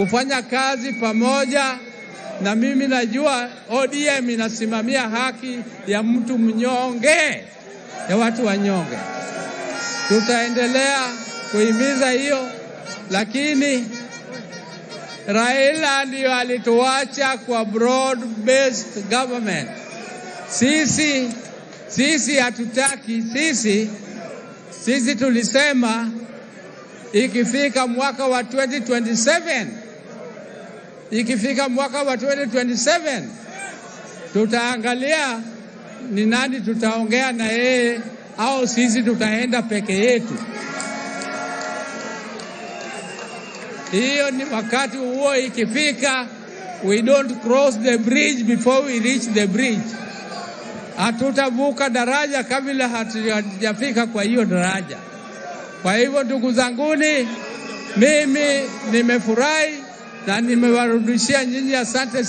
kufanya kazi pamoja na mimi najua ODM inasimamia haki ya mtu mnyonge, ya watu wanyonge. Tutaendelea kuhimiza hiyo, lakini Raila ndiyo alituacha kwa broad based government. Sisi sisi hatutaki, sisi sisi tulisema ikifika mwaka wa 2027 ikifika mwaka wa 2027 tutaangalia ni nani tutaongea na yeye au sisi tutaenda peke yetu. Hiyo ni wakati huo ikifika, we don't cross the bridge before we reach the bridge. Hatutavuka daraja kabla hatujafika kwa hiyo daraja. Kwa hivyo ndugu zanguni, mimi nimefurahi na nimewarudishia nyinyi asante sana.